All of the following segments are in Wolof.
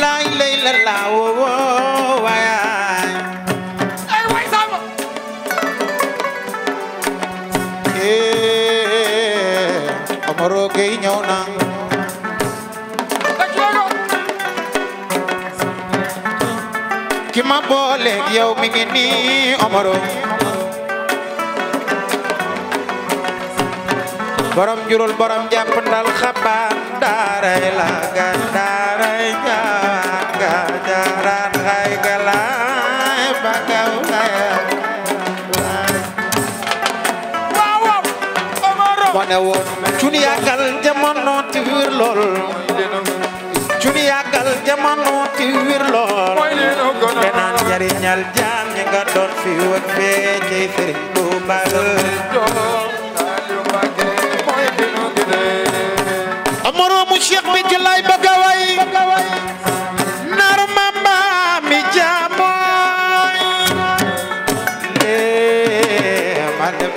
lay lay la la woo waayaay ay way sama ee Omaro Gueye ñëw na ki ma booleeg yow mi ngi nii borom jurul borom jàpp ndal xabaar daaray la daaray jawaan ga jaraan laay ba gaw moo ne woon cun yàggal jamono ti wir lool cun jaam ñi nga doon fi wëg fee ci Sëriñ Tuubaa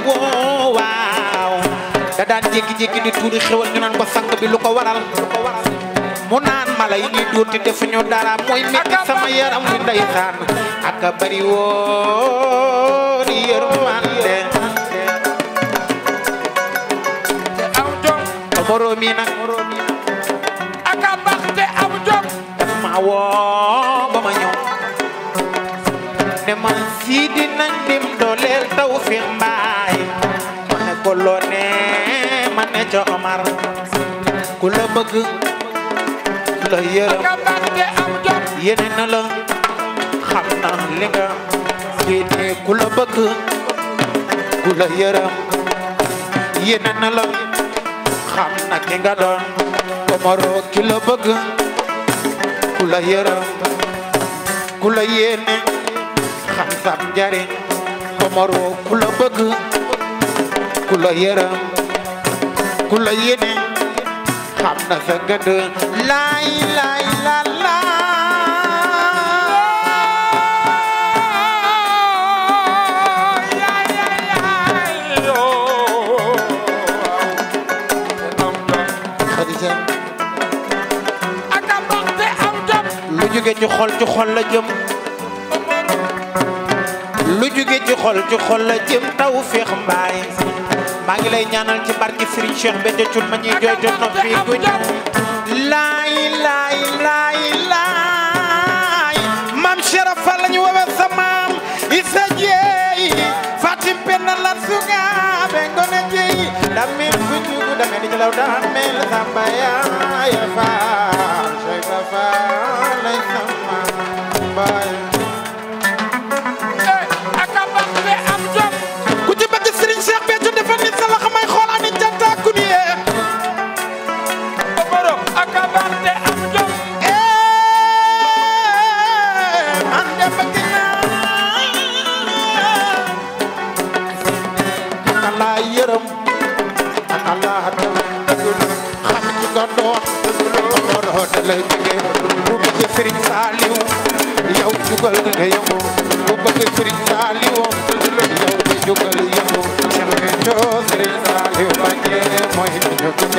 woo waaw da daan jékki-jékki di tuuri xewal ñu naan ko sang bi lu ko waral mu naan mala yi ñuy dóor te defuñu dara mooy metti sama yaram wi ndeysaan ak a bari woon yërmande moroom yi nag aka bax te am jom daf ma woo siidi nañ dim dooleel Tawfekh Mbaay ne ko loo ne ma ne ca Omar ku la bëgg la yërëm yéene na la xam na li nga yéene ku la bëgg ku la yërëm yéene na la xam na ki nga doon Omaro ki la bëgg ku la yërëm ku la yéene sam njariñ Omaro ku la bëgg ku la yërëm ku la yéene xam na sa gëdd laay laay la la lu jóge ci xol ci xol la jëm jóge ci xol ci xol la jëm tawfeex mbaay maa ngi lay ñaanal ci barke Serigne Cheikh Béthio Thioune ma ñuy jooy te noppi guñ laay laay laay laay maam Cheikh Fall la ñu woowee sa maam Issa Dieye Fatim Penda lan suga be ngone jeyi damel sujugu damel jalaw damel samba yaaya Fall Cheikh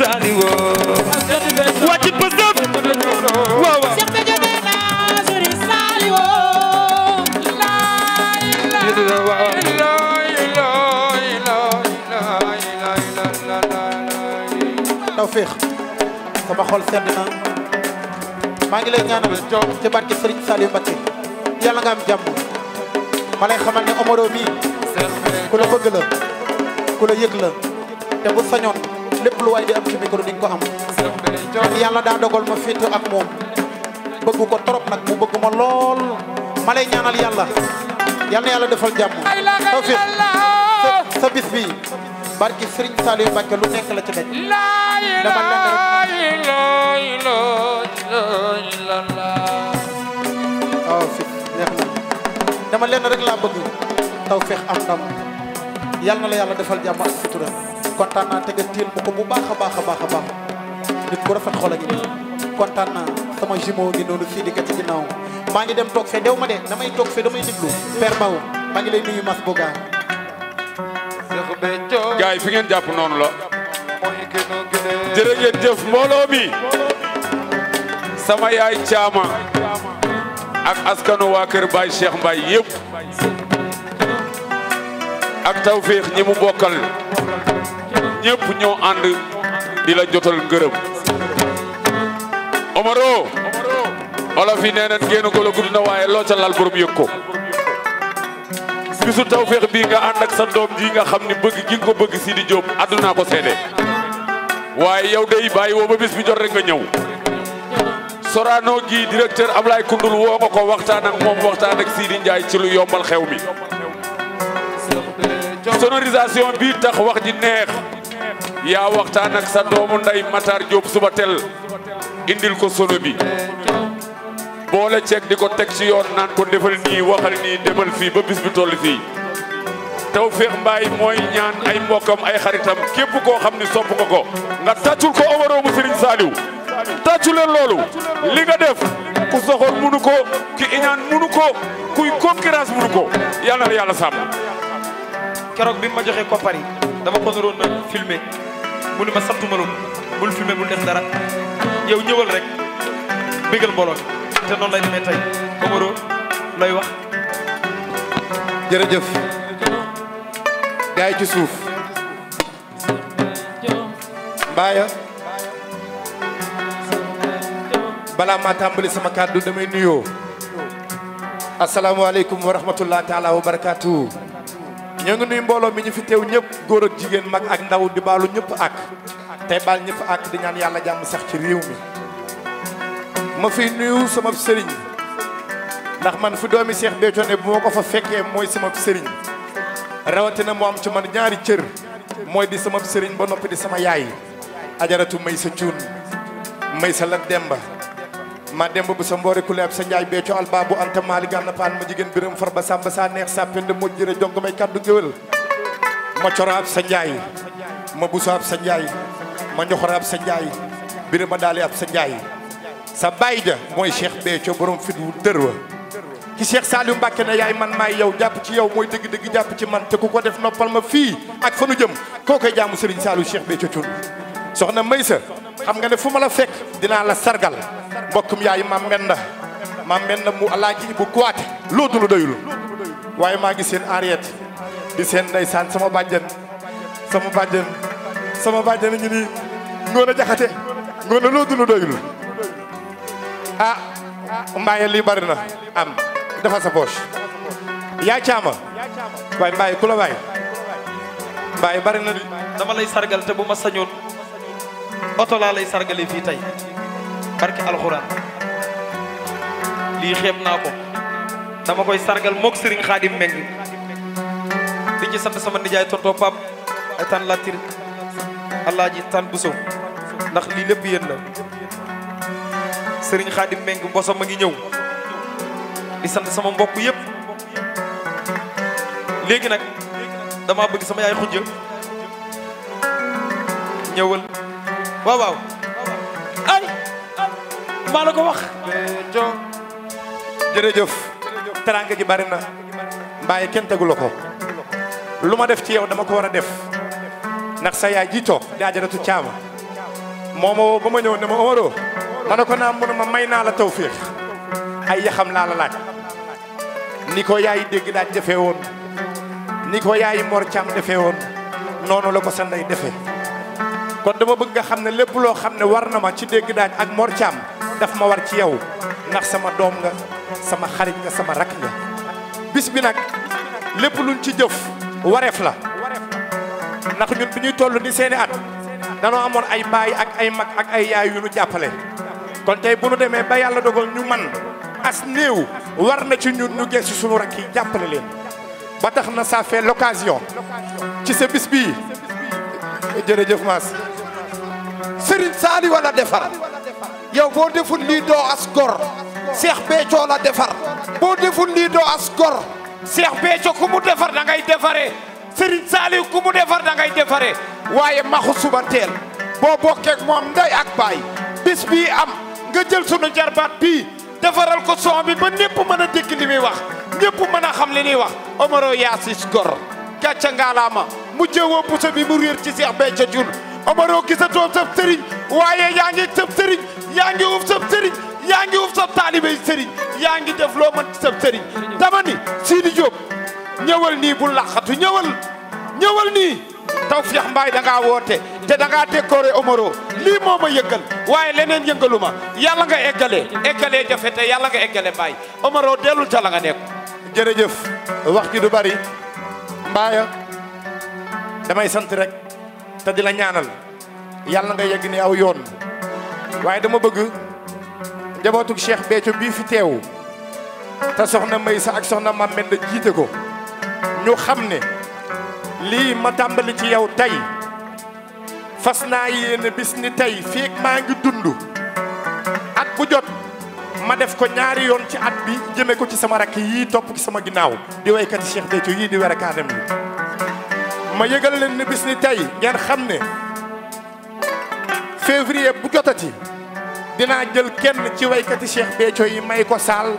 saali woo wàcc ba sëf waaw waaw tawféex sama xol sedd maa ngi lay ñaanal ci barke Serigne Saliou Mbacké yàlla nga am jàmm ma lay xamal ne Omaro mii ku la bëgg ku la yëg te bu sañoon lépp lu waay di am ci micro di ko am yàlla daa dogal ma féetu ak moom bëgg ko trop nag mu bëgg ma lool ma lay ñaanal yàlla yàlla defal jàmm tawfiq sa bis bi barki Serigne Saliou Mbacké lu nekk la ci daj dama leen rek waaw fi neex na dama bëgg tawfiq am ndam yal na la yàlla defal jàmm ak sutura kontaan naa te nga ko bu baax a baax a baax a baax nit ku rafet xol ngi nii kontaan sama jumeau ngi noonu fii di kat ci ginnaaw maa ngi dem toog fe dew ma de damay toog fe damay déglu père Maw maa ngi lay nuyu Mas Boga. gars fi ngeen jàpp noonu la. jërë ngeen jëf mbooloo mi. sama yaay caama. ak askanu waa kër Baye Cheikh Mbaye yëpp. ak tawféex ñi mu bokkal. ñëpp ñoo ànd di la jotal ngërëm Omaro olof yi nee nañ génn ko la gudd na waaye loo ca laal borom yëg ko bisu tawféex bii nga ànd ak sa doom ji nga xam ni bëgg gi nga ko bëgg Sidi Diop àdduna ko seede waaye yow day bàyyi woo ba bis bi jot rek nga ñëw Sorano gi directeur Ablaye Koundoul woo nga ko waxtaan ak moom waxtaan ak Sidi njaay ci lu yombal xew mi sonorisation bi tax wax ji neex yaa waxtaan ak sa doomu nday Matar Diop suba tel indil ko sono bi boole ceeg di ko teg ci yoon naan ko defal nii waxal nii demal fii ba bis bi toll fii Tawfekh Mbaye mooy ñaan ay mbokkam ay xaritam képp koo xam ni sopp nga ko nga tàccul ko Omaro mu Serigne Saliou tàccu leen loolu li nga def ku soxor munu ko ki iñaan munu ko kuy concurrence munu ko yàlla la yàlla sàmm keroog bi ma joxe koppar yi dama ko naroon na filmé mu ni ma sant ma bul filmé bul def dara yow ñëwal rek bégal mbooloo te noonu lay demee tey Omaro looy wax. jërëjëf gaay ci suuf mbaaya balaa maa tàmbali sama kàddu damay nuyoo asalaamaaleykum wa rahmatullah taala wa barakaatu. ñoo ngi nuy mbooloo mi ñu fi teew ñëpp góor ak jigéen mag ak ndaw di baalu ñëpp ak tey baal ñëpp ak di ñaan yàlla jàmm sax ci réew mi ma fi nuyu sama sëriñ ndax man fi doomi Seex Béthio ne bu ma ko fa fekkee mooy sama sëriñ rawatina moo am ci man ñaari cër mooy di sama sëriñ ba noppi di sama yaay ajaratu may sa cuun may sa la demba ma dem ba sa mboori kule ab sa njaay beeco albaabu anta maali gànna paan ma jigéen biram far ba sàmba saa neex sa pend moo jëre jong may kàddu géwél ma coro ab sa njaay ma buso ab sa njaay ma njoxoro ab sa njaay birama daali ab sa njaay sa baay ja mooy cheikh beeco borom fit wu dër wa ci cheikh Saliou Mbacke yaay man maay yow jàpp ci yow mooy dëgg-dëgg jàpp ci man te ku ko def noppal ma fii ak fa nu jëm koo koy jaamu Serigne Saliou cheikh beeco cun soxna Maysa xam nga ne fu la fekk dinaa la sargal mbokkum yaay mam menda mam menda mu alaaji bu kuwaate loolu lu doyul waaye maa ngi seen di seen ndeysaan sama bàjjen sama bàjjen sama bàjjen ñu ni ngoon a jaxate ngoon a loolu lu doyul ah mbaaye lii bari na am dafa sa poche caama waaye mbaaye ku la waay mbaaye bari na dama lay sargal te bu ma sañoon oto lay sargale fii tey barke alxuraan lii xeeb naa ko dama koy sargal mook sëriñ Khadim Meng di ci sant sama nijaay tonto pap ay tan latir allah ji tan buso ndax lii lépp yéen la Serigne Khadim Meng mboso ma ngi ñëw di sant sama mbokk yëpp léegi nag dama bëgg sama yaay xujja ñëwal waaw waaw maa la ko wax. jërëjëf. teraanga ji bari na. mbaaye kenn tegu la ko. lu ma def ci yow dama ko war a def. ndax sa yaay ji toog di ajaratu caama. moo ba ma ne ma Omaro. ma ne ko naa mun ma may naa la tawféex. ay yaxam laa la laaj. ni ko yaay dégg daal defee woon. ni ko yaay Mor Thiam defee woon. noonu la ko sa ndey defee. kon dama bëgg nga xam ne lépp loo xam ne war na ma ci dégg daaj ak Mor Thiam daf ma war ci yow ndax sama doom nga sama xarit nga sama rakk nga bis bi nag lépp luñ ci jëf wareef la ndax ñun bi ñuy toll ni seeni at danoo amoon ay baay ak ay mag ak ay yaay yu ñu jàppale kon tey bu nu demee ba yàlla dogal ñu man as néew war na ci ñun ñu geesu suñu rakk yi jàppale leen ba tax na ça fait l'occasion ci sa bis bii jërëjëf Mass Serigne Saliou wala defar yow boo deful lii doo as gor seex beecoo la defar boo deful lii doo as gor seex beeco ku mu defar da ngay defaree Serigne Saliou ku mu defar da ngay defaree waaye maxu suba teel boo bokkeek moom nday ak baay bis bii am nga jël sunu jarbaat bii defaral ko son bi ba ñëpp mën a dégg li muy wax ñëpp mën a xam li ñuy wax Omaro Yaasis gor gàcca ngaalaama mu jëwoo puso bi mu réer ci seex ca jun Omaro gisatoo sab sëriñ waaye yaa ngi sab sëriñ yaa ngi uf sab sëriñ yaa ngi uf sab taalibey sëriñ yaa ngi def loo mën ci sab sëriñ dama ni Sidi Diop ñëwal nii bu laxatu ñëwal ñëwal nii Tawfekh Mbaye da ngaa woote te da ngaa décoré Omaro lii moo ma yëggal waaye leneen yëngalu ma yàlla nga eggalee eggalee jafe te yàlla nga eggale Mbaye Omaro dellul ca la nga nekk jërëjëf wax ji du bari mbaaya damay sant rek te di la ñaanal yàlla nga yegg ni aw yoon waaye dama bëgg njabootug Cheikh Béthio bii fi teew te soxna Maysa ak soxna Mame Mbenda jiite ko ñu xam ne lii ma tàmbali ci yow tey fas naa yéene bis ni tey fii maa ngi dund at bu jot ma def ko ñaari yoon ci at bi jëme ko ci sama rakk yii topp ci sama ginnaaw di waykati Cheikh Béthio yii di werekaanam yi ma yëgal leen ni bis ni tey ngeen xam ne février bu jotati dinaa jël kenn ci waykati Cheikh Béthio yi may ko saal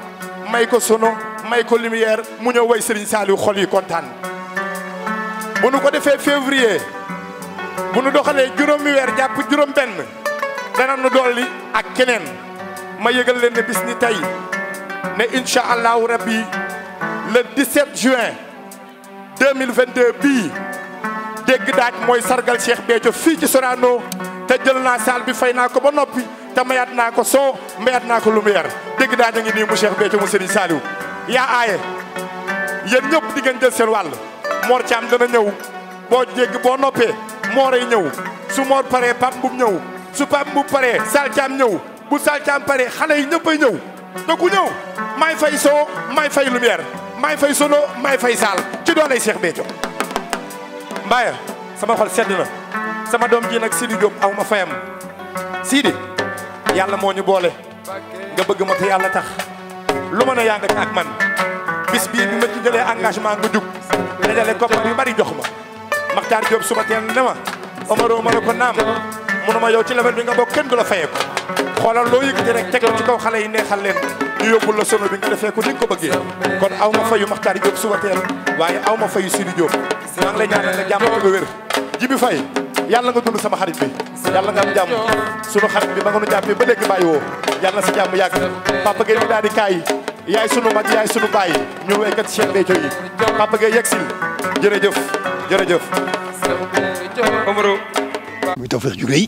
may ko sono may ko lumière mu ñëw way Serigne Saliou xol yi kontaan bu nu ko defee février bu nu doxalee juróom weer jàpp juróom benn dana nu dolli ak keneen ma yëgal leen ne bis ni tey ne incha allahu rabbi le 17 juin 2022 bii dégg daaj mooy sargal Cheikh Béthio fii ci Sorano te jël naa saal bi fay naa ko ba noppi te mayaat naa ko soo mayaat naa ko lu mu yar dégg daaj a ngi nii mu Cheikh Béthio mu Serigne Saliou yaa aaye yéen ñëpp di jël seen wàll Mor Thiam dana ñëw boo dégg boo noppee mooray ñëw su Mor paree Pape Mboup ñëw su Pape Mboup paree Sal Thiam ñëw bu Sal Thiam paree xale yi ñëppay ñëw te ku ñëw may fay soo may fay lumière may fay sono may fay saal ci dooley seex Béthio mbaaya sama xol sedd na sama doom ji nag Sidi Diop aw ma fayam Sidi yàlla moo ñu boole nga bëgg ma te yàlla tax lu mën a yàng nga ca ak man bis bii bi ma ci jëlee engagement nga jug dajale koppar yu bari jox ma Makhtar Diop suba teel ne ma Omaro ma ne ko naam mu ma yow ci level bi nga bokk kenn du la fayee ko xoolal loo yëkkati rek teg ko ci kaw xale yi ne leen ñu yóbbul la sono bi nga defee ko ni nga ko bëggee kon aw ma fayu Maxtaar Diop suba teel waaye aw ma fayu Sidi Diop maa ngi lay ñaanal nga jàmm nga wér nga dund jàmm sunu xarit bi ma nga nu jàppee ba léegi bàyyi woo yàlla sa jàmm yàgg papa Gueye mi yaay sunu mag yaay sunu baay ñu waykat Cheikh Béthio yi papa Gueye yegsil jërëjëf jërëjëf. muy tawfeex ju rëy